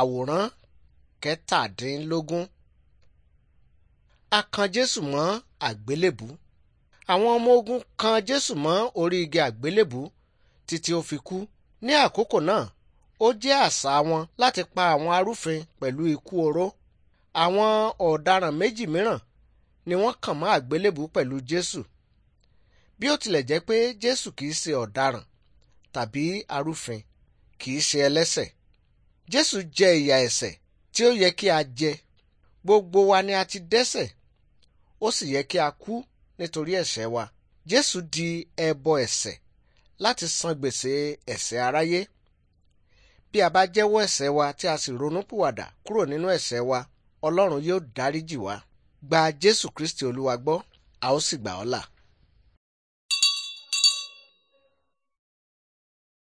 àwòrán kẹtàdínlógún a kan jésù mọ́ àgbélébù àwọn ọmọ ogun kan jésù mọ́ orí igi àgbélébù títí ó fi kú ní àkókò náà ó jẹ́ àṣà wọn láti pa àwọn arúfin pẹ̀lú ikú oró àwọn ọ̀daràn méjì mìíràn ni wọ́n kàn mọ́ àgbélébù pẹ̀lú jésù bí ó tilẹ̀ jẹ́ pé jésù kìí ṣe ọ̀daràn tàbí arúfin kìí ṣe ẹlẹ́ṣẹ̀ jésù jẹ ìyà ẹ̀ṣẹ̀ tí ó yẹ kí a jẹ gbogbo wa ni a ti dẹ́ṣẹ̀ ó sì yẹ kí a kú nítorí ẹ̀ṣẹ̀ wa jésù di ẹbọ ẹ̀ṣẹ̀ láti san gbèsè ẹ̀ṣẹ̀ aráyé bí a bá jẹ́wọ́ ẹ̀ṣẹ̀ wa tí a sì ronúpìwàdà kúrò nínú ẹ̀ṣẹ̀ wa ọlọ́run yóò dáríjì wa gba jésù kristi olúwa gbọ́ a ó sì gbà ọ́ là